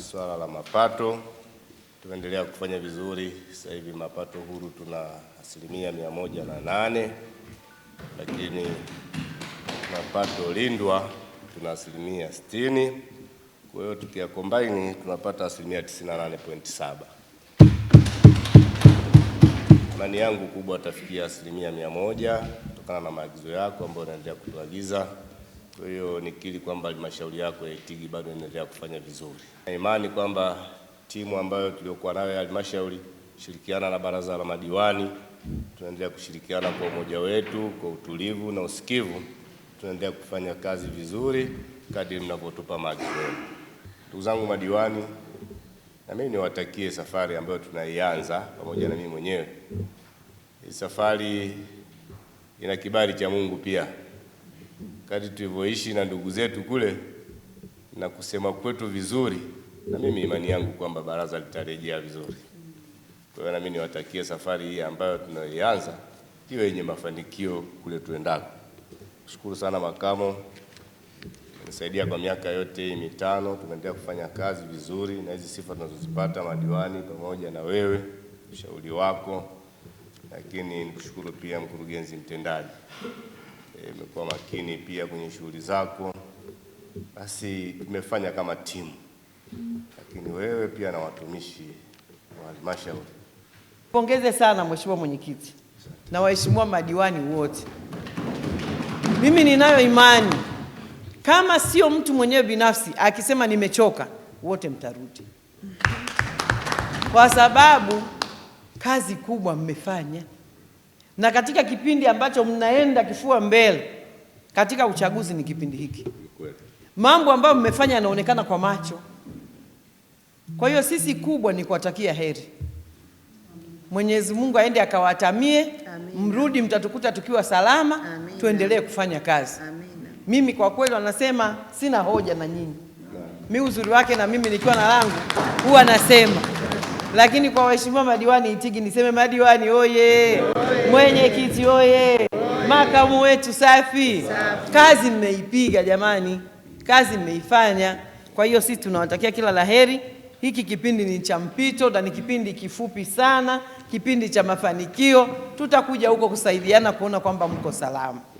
swala la mapato tumeendelea kufanya vizuri. Sasa hivi mapato huru tuna asilimia mia moja na nane, lakini mapato lindwa tuna asilimia sitini. Kwa hiyo tukia combine tunapata asilimia 98.7. Imani yangu kubwa tafikia asilimia mia moja kutokana na maagizo yako ambayo unaendelea kutuagiza. Kwa hiyo nikiri kwamba halmashauri yako ya Itigi bado inaendelea kufanya vizuri, na imani kwamba timu ambayo tuliokuwa nayo ya halmashauri shirikiana na baraza la madiwani, tunaendelea kushirikiana kwa umoja wetu, kwa utulivu na usikivu, tunaendelea kufanya kazi vizuri kadi mnavyotupa maagizo Ndugu zangu madiwani, na mimi niwatakie safari ambayo tunaianza pamoja na mimi mwenyewe. Hii safari ina kibali cha Mungu pia kati tulivyoishi na ndugu zetu kule na kusema kwetu vizuri, na mimi imani yangu kwamba baraza litarejea vizuri. Kwa hiyo nami niwatakie safari hii ambayo tunaianza iwe yenye mafanikio kule tuendako. Shukuru sana makamo, nisaidia kwa miaka yote hii mitano, tumeendelea kufanya kazi vizuri, na hizi sifa tunazozipata madiwani, pamoja na wewe, ushauri wako, lakini nikushukuru pia mkurugenzi mtendaji imekuwa e, makini pia kwenye shughuli zako, basi tumefanya kama timu, lakini wewe pia na watumishi wa halmashauri. Pongeze sana mheshimiwa mwenyekiti na waheshimiwa madiwani wote. Mimi ninayo imani kama sio mtu mwenyewe binafsi akisema nimechoka, wote mtarudi, kwa sababu kazi kubwa mmefanya na katika kipindi ambacho mnaenda kifua mbele katika uchaguzi ni kipindi hiki, mambo ambayo mmefanya yanaonekana kwa macho. Kwa hiyo sisi kubwa ni kuwatakia heri, Mwenyezi Mungu aende akawatamie, mrudi mtatukuta tukiwa salama, tuendelee kufanya kazi. Amina. Mimi kwa kweli wanasema sina hoja na nyinyi, mi uzuri wake na mimi nikiwa na langu huwa nasema lakini kwa waheshimiwa madiwani Itigi niseme madiwani oye, mwenyekiti oye, makamu wetu safi. Kazi mmeipiga jamani, kazi mmeifanya. Kwa hiyo sisi tunawatakia kila laheri Hiki kipindi ni cha mpito na ni kipindi kifupi sana, kipindi cha mafanikio. Tutakuja huko kusaidiana kuona kwamba mko salama.